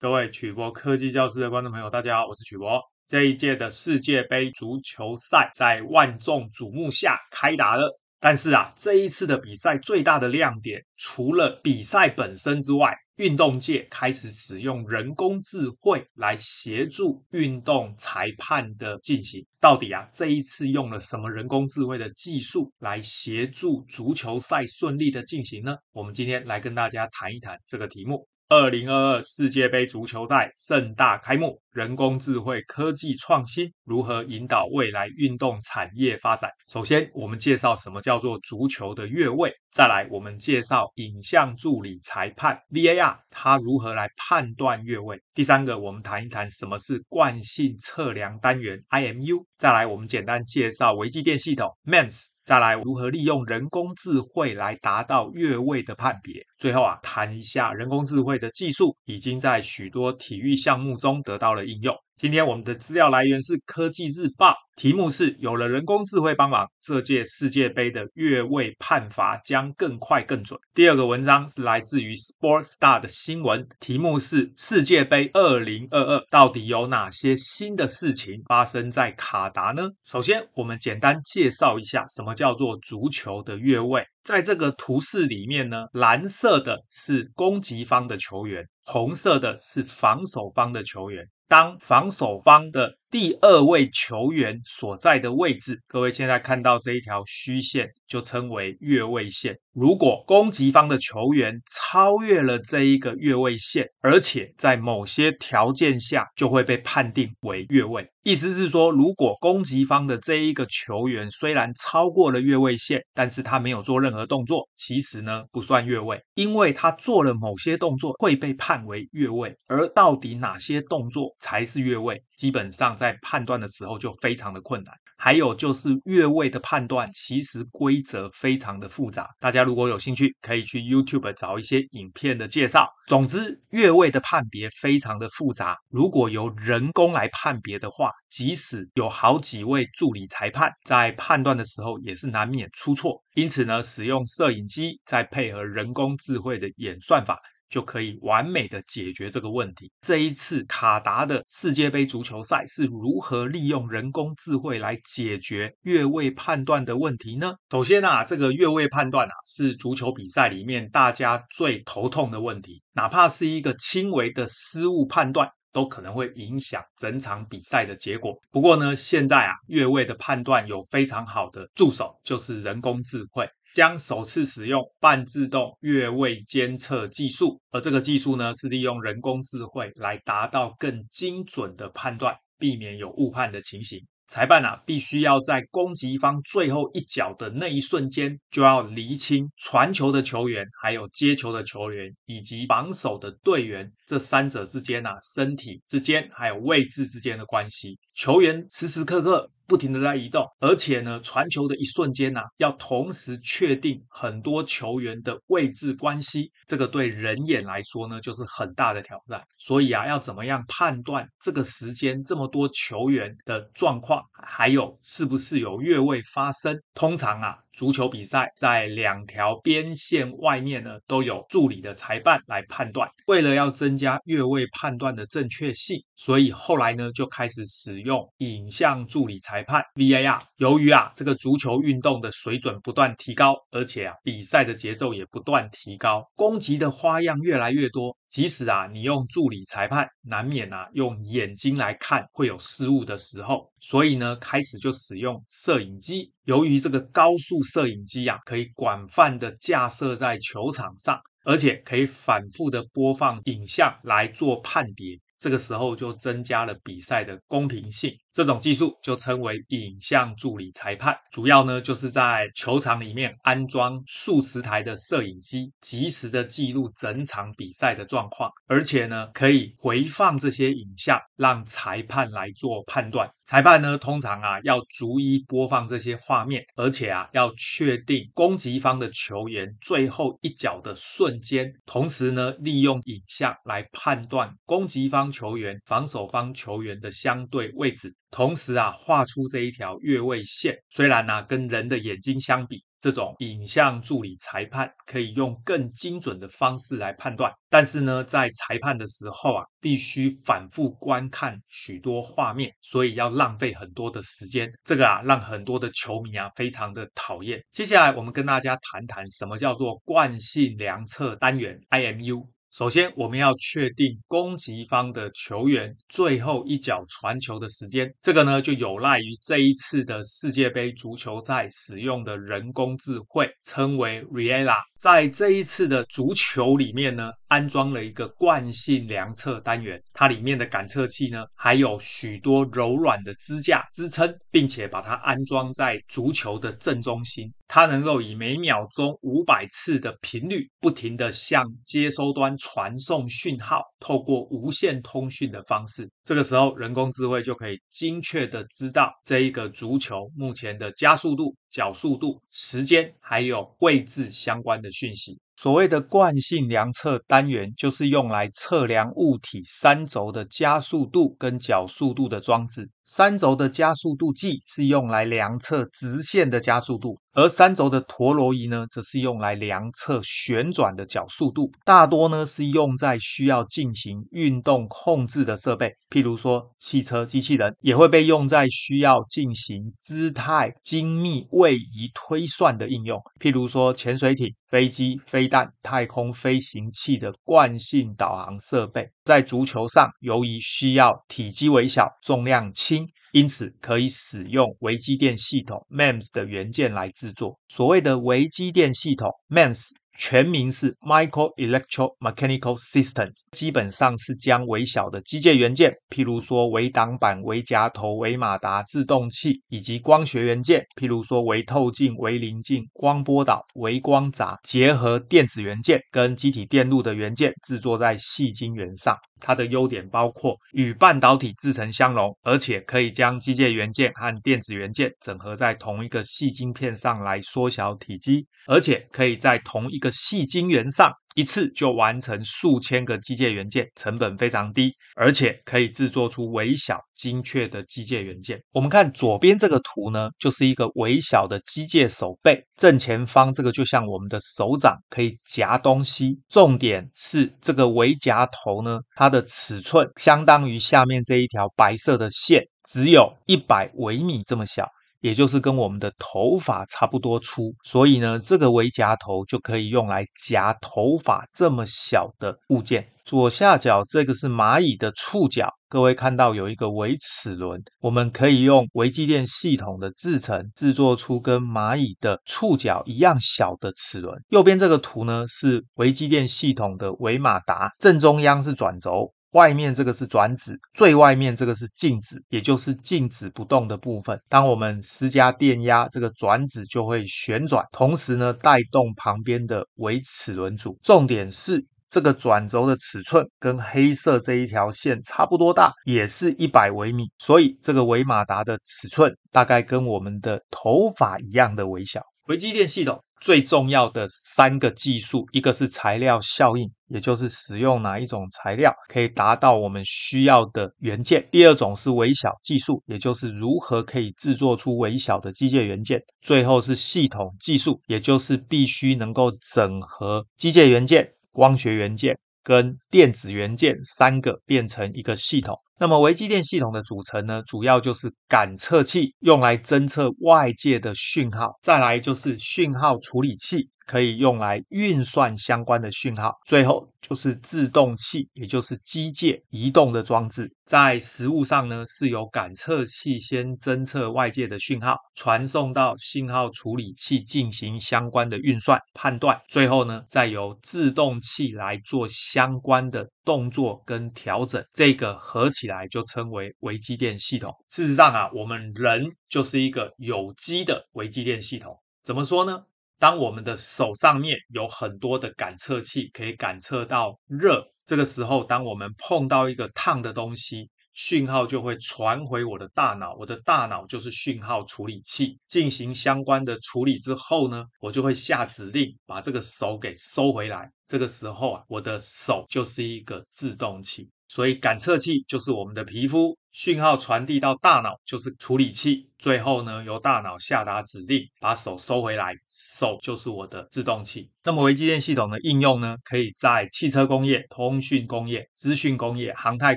各位曲博科技教室的觀眾朋友，大家好，我是曲博。這一屆的世界杯足球賽在萬眾矚目下開打了。但是啊，這一次的比賽最大的亮點，除了比賽本身之外，運動界開始使用人工智慧來協助運動裁判的進行。到底啊，這一次用了什麼人工智慧的技術來協助足球賽順利的進行呢？我們今天來跟大家談一談這個題目。二零二二世界盃足球賽盛大開幕，人工智慧、科技創新如何引導未來運動產業發展？首先，我們介紹什麼叫做足球的越位，再來我們介紹影像助理裁判 VAR，它如何來判斷越位？第三個，我們談一談什麼是慣性測量單元 IMU，再來我們簡單介紹微機電系統 MEMS。再來，如何利用人工智慧來達到越位的判別？最後啊，談一下人工智慧的技術，已經在許多體育項目中得到了應用。今天我們的資料來源是科技日報，題目是：有了人工智慧幫忙，這屆世界杯的越位判罰將更快更準。第二個文章是來自於 Sports Star 的新聞，題目是：世界杯二零二二到底有哪些新的事情發生在卡達呢？首先，我們簡單介紹一下什麼叫做足球的越位。在這個圖示裡面呢，藍色的是攻擊方的球員，紅色的是防守方的球員。當防守方的。第二位球員所在的位置，各位現在看到這一條虛線，就稱為越位線。如果攻擊方的球員超越了這一個越位線，而且在某些條件下，就會被判定為越位。意思是說，如果攻擊方的這一個球員雖然超過了越位線，但是他沒有做任何動作，其實呢不算越位，因為他做了某些動作會被判為越位。而到底哪些動作才是越位？基本上在判斷的時候就非常的困難，還有就是越位的判斷其實規則非常的複雜，大家如果有興趣可以去 YouTube 找一些影片的介紹。總之，越位的判別非常的複雜，如果由人工來判別的話，即使有好幾位助理裁判在判斷的時候也是難免出錯。因此呢，使用攝影機再配合人工智慧的演算法。就可以完美的解決這個問題。這一次卡達的世界杯足球賽是如何利用人工智慧來解決越位判斷的問題呢？首先啊，這個越位判斷啊，是足球比賽裡面大家最頭痛的問題，哪怕是一個輕微的失誤判斷，都可能會影響整場比賽的結果。不過呢，現在啊，越位的判斷有非常好的助手，就是人工智慧。將首次使用半自動越位監測技術，而這個技術呢，是利用人工智慧來達到更精準的判斷，避免有誤判的情形。裁判啊，必須要在攻擊方最後一腳的那一瞬間，就要釐清傳球的球員，還有接球的球員以及防守的隊員這三者之間啊，身體之間還有位置之間的關係。球員時時刻刻不停地在移動，而且呢，傳球的一瞬間吶，要同時確定很多球員的位置關係，這個對人眼來說呢，就是很大的挑戰。所以啊，要怎麼樣判斷這個時間這麼多球員的狀況，還有是不是有越位發生？通常啊。足球比賽在兩條邊線外面呢，都有助理的裁判來判斷。為了要增加越位判斷的正確性，所以後來呢，就開始使用影像助理裁判 （VAR）。由於啊，這個足球運動的水準不斷提高，而且啊，比賽的節奏也不斷提高，攻擊的花樣越來越多。即使啊，你用助理裁判，難免啊用眼睛來看會有失誤的時候，所以呢，開始就使用攝影機。由於這個高速攝影機呀，可以廣泛的架設在球場上，而且可以反覆的播放影像來做判別。這個時候就增加了比賽的公平性，這種技術就稱為影像助理裁判。主要呢就是在球場裡面安裝數十台的攝影機，及時的記錄整場比賽的狀況，而且呢可以回放這些影像，讓裁判來做判斷。裁判呢通常啊要逐一播放這些畫面，而且啊要確定攻擊方的球員最後一腳的瞬間，同時呢利用影像來判斷攻擊方，球員、防守方球員的相對位置，同時啊畫出這一條越位線。雖然呢啊，跟人的眼睛相比，這種影像助理裁判可以用更精準的方式來判斷，但是呢在裁判的時候啊必須反復觀看許多畫面，所以要浪費很多的時間。這個啊讓很多的球迷啊非常的討厭。接下來我們跟大家談談什麼叫做慣性量測單元 （IMU）。IM 首先，我們要確定攻擊方的球員最後一腳傳球的時間。這個呢，就有賴於這一次的世界杯足球賽使用的人工智慧，稱為 Riella。在這一次的足球裡面呢，安裝了一個慣性量測單元，它裡面的感測器呢，還有許多柔軟的支架支撐，並且把它安裝在足球的正中心。它能夠以每秒鐘五百次的頻率，不停地向接收端傳送訊號，透過無線通訊的方式。這個時候，人工智慧就可以精確地知道這一個足球目前的加速度、角速度、時間還有位置相關的訊息。所謂的慣性量測單元，就是用來測量物體三軸的加速度跟角速度的裝置。三軸的加速度計是用來量測直線的加速度，而三軸的陀螺儀呢，則是用來量測旋轉的角速度。大多呢是用在需要進行運動控制的設備，譬如說汽車、機器人，也會被用在需要進行姿態精密位移推算的應用，譬如說潛水艇、飛機、飛彈、太空飛行器的慣性導航設備。在足球上，由於需要體積微小、重量輕，因此可以使用微機電系統 MEMS 的元件來製作。所謂的微機電系統 MEMS。全名是 Microelectromechanical Systems，基本上是將微小的機械元件，譬如說微擋板、微夾頭、微馬達、致動器，以及光學元件，譬如說微透鏡、微稜鏡、光波導、微光柵，結合電子元件跟積體電路的元件，製作在矽晶圓上。它的優點包括與半導體製程相容，而且可以將機械元件和電子元件整合在同一個矽晶片上來縮小體積，而且可以在同一個細晶圓上一次就完成數千個機械元件，成本非常低，而且可以製作出微小精確的機械元件。我們看左邊這個圖呢，就是一個微小的機械手背，正前方這個就像我們的手掌，可以夾東西。重點是這個微夾頭呢，它的尺寸相當於下面這一條白色的線，只有一百微米這麼小。也就是跟我們的頭髮差不多粗，所以呢，這個微夾頭就可以用來夾頭髮這麼小的物件。左下角這個是螞蟻的觸角，各位看到有一個微齒輪，我們可以用微機電系統的製程，製作出跟螞蟻的觸角一樣小的齒輪。右邊這個圖呢，是微機電系統的微馬達，正中央是轉軸。外面這個是轉子，最外面這個是靜子，也就是靜止不動的部分。當我們施加電壓，這個轉子就會旋轉，同時呢，帶動旁邊的微齒輪組。重點是這個轉軸的尺寸跟黑色這一條線差不多大，也是一百微米，所以這個微馬達的尺寸大概跟我們的頭髮一樣的微小。微機電系統最重要的三個技術，一個是材料效應，也就是使用哪一種材料可以達到我們需要的元件；第二種是微小技術，也就是如何可以制作出微小的機械元件；最後是系統技術，也就是必須能夠整合機械元件、光學元件跟電子元件三個變成一個系統。那麼微機電系統的組成呢，主要就是感測器，用來偵測外界的訊號。再來就是訊號處理器。可以用來運算相關的訊號，最後就是致動器，也就是機械移動的裝置。在實物上呢，是由感測器先偵測外界的訊號，傳送到信號處理器進行相關的運算判斷，最後呢，再由致動器來做相關的動作跟調整。這個合起來就稱為微機電系統。事實上啊，我們人就是一個有機的微機電系統。怎麼說呢？當我們的手上面有很多的感測器，可以感測到熱，這個時候，當我們碰到一個燙的東西，訊號就會傳回我的大腦，我的大腦就是訊號處理器，進行相關的處理之後呢，我就會下指令把這個手給收回來。這個時候啊，我的手就是一個致動器，所以感測器就是我們的皮膚。訊號傳遞到大腦就是處理器，最後呢，由大腦下達指令，把手收回來，手就是我的致動器。那麼微機電系統的應用呢，可以在汽車工業、通訊工業、資訊工業、航太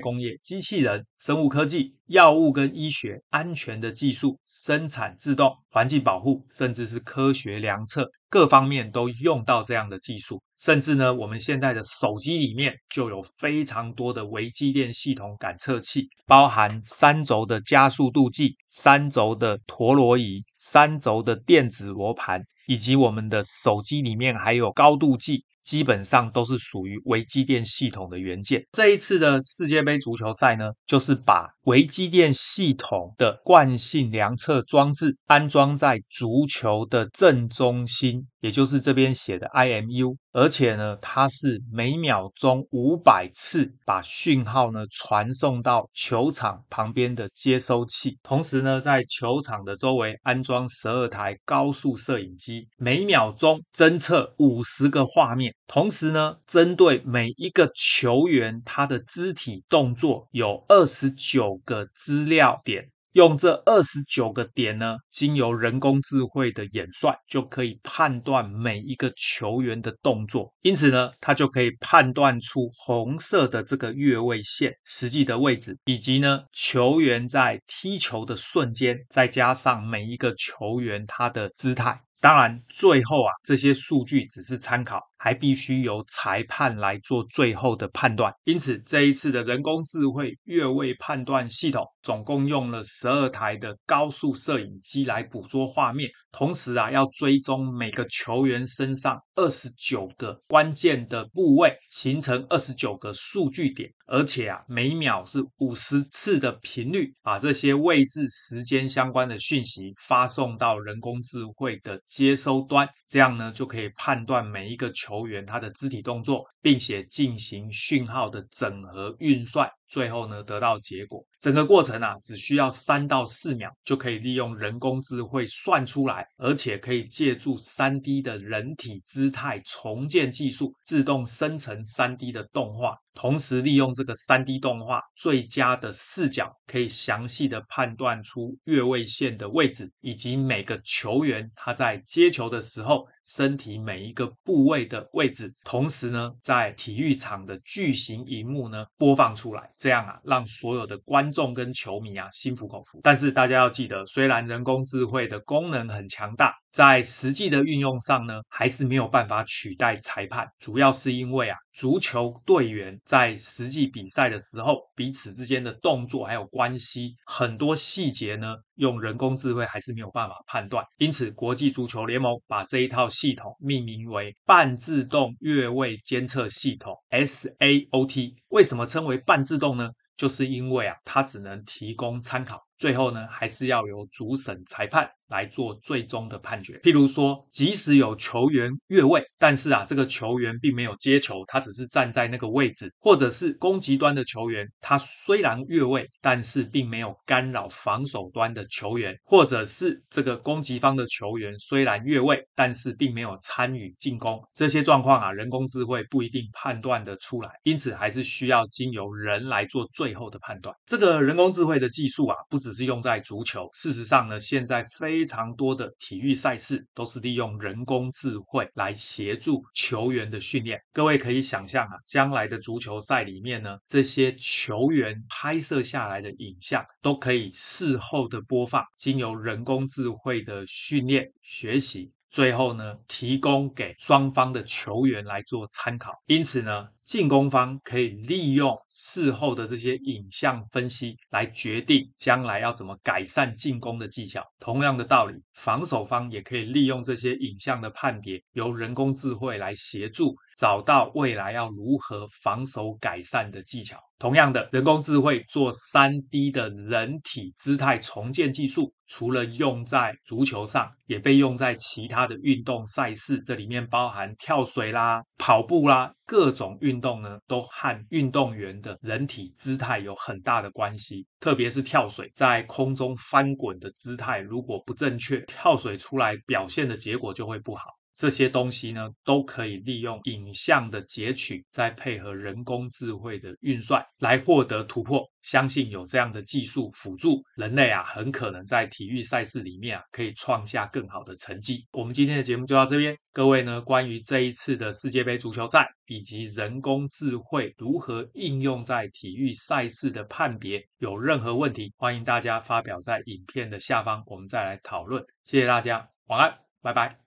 工業、機器人、生物科技、藥物跟醫學、安全的技術、生產自動、環境保護，甚至是科學量測，各方面都用到這樣的技術。甚至呢，我們現在的手機裡面就有非常多的微機電系統感測器，包含三軸的加速度計、三軸的陀螺儀、三軸的電子羅盤，以及我們的手機裡面還有高度計，基本上都是屬於微機電系統的元件。這一次的世界杯足球賽呢，就是把微機電系統的慣性量測裝置安裝在足球的正中心。也就是這邊寫的 IMU，而且呢，它是每秒鐘五百次把訊號呢傳送到球場旁邊的接收器，同時呢，在球場的周圍安裝十二台高速攝影機，每秒鐘偵測五十個畫面，同時呢，針對每一個球員，他的肢體動作有二十九個資料點。用這二十九個點呢，經由人工智慧的演算，就可以判斷每一個球員的動作。因此呢，它就可以判斷出紅色的這個越位線，實際的位置，以及呢球員在踢球的瞬間，再加上每一個球員他的姿態。當然，最後啊，這些數據只是參考。還必須由裁判來做最後的判斷，因此這一次的人工智慧越位判斷系統，總共用了十二台的高速攝影機來捕捉畫面，同時啊，要追蹤每個球員身上二十九個關鍵的部位，形成二十九個數據點，而且啊，每秒是五十次的頻率，把這些位置、時間相關的訊息發送到人工智慧的接收端。這樣呢，就可以判斷每一個球員他的肢體動作，並且進行訊號的整合運算，最後呢，得到結果。整個過程啊，只需要三到四秒就可以利用人工智慧算出來，而且可以借助三 D 的人體姿態重建技術自動生成三 D 的動畫，同時利用這個三 D 動畫最佳的視角，可以詳細地判斷出越位線的位置以及每個球員他在接球的時候。身體每一個部位的位置，同時呢，在體育場的巨型熒幕呢播放出來，這樣啊，讓所有的觀眾跟球迷啊心服口服。但是大家要記得，雖然人工智慧的功能很強大。在實際的運用上呢，還是沒有辦法取代裁判，主要是因為啊，足球隊員在實際比賽的時候，彼此之間的動作還有關係，很多細節呢，用人工智慧還是沒有辦法判斷。因此，國際足球聯盟把這一套系統命名為半自動越位監測系統 （SAOT）。為什麼稱為半自動呢？就是因為啊，它只能提供參考。最後呢，還是要由主審裁判來做最終的判決。譬如說，即使有球員越位，但是啊，這個球員並沒有接球，他只是站在那個位置；或者是攻擊端的球員，他雖然越位，但是並沒有干擾防守端的球員；或者是這個攻擊方的球員雖然越位，但是並沒有參與進攻。這些狀況啊，人工智慧不一定判斷得出來，因此還是需要經由人來做最後的判斷。這個人工智慧的技術啊，不只。只是用在足球。事實上呢，現在非常多的體育賽事都是利用人工智慧來協助球員的訓練。各位可以想象啊，將來的足球賽裡面呢，這些球員拍攝下來的影像都可以事後的播放，經由人工智慧的訓練學習。最後呢，提供給雙方的球員來做參考。因此呢，進攻方可以利用事後的這些影像分析來決定將來要怎麼改善進攻的技巧。同樣的道理，防守方也可以利用這些影像的判別，由人工智慧來協助。找到未來要如何防守改善的技巧。同樣的，人工智慧做 3D 的人體姿態重建技術，除了用在足球上，也被用在其他的運動賽事。這裡面包含跳水啦、跑步啦，各種運動呢，都和運動員的人體姿態有很大的關係。特別是跳水，在空中翻滾的姿態，如果不正確，跳水出來表現的結果就會不好。這些東西呢，都可以利用影像的截取，再配合人工智慧的運算來獲得突破。相信有這樣的技術輔助，人類啊，很可能在體育賽事裡面啊，可以創下更好的成績。我們今天的節目就到這邊。各位呢，關於這一次的世界杯足球賽，以及人工智慧如何應用在體育賽事的判別，有任何問題，歡迎大家發表在影片的下方，我們再來討論。謝謝大家，晚安，拜拜。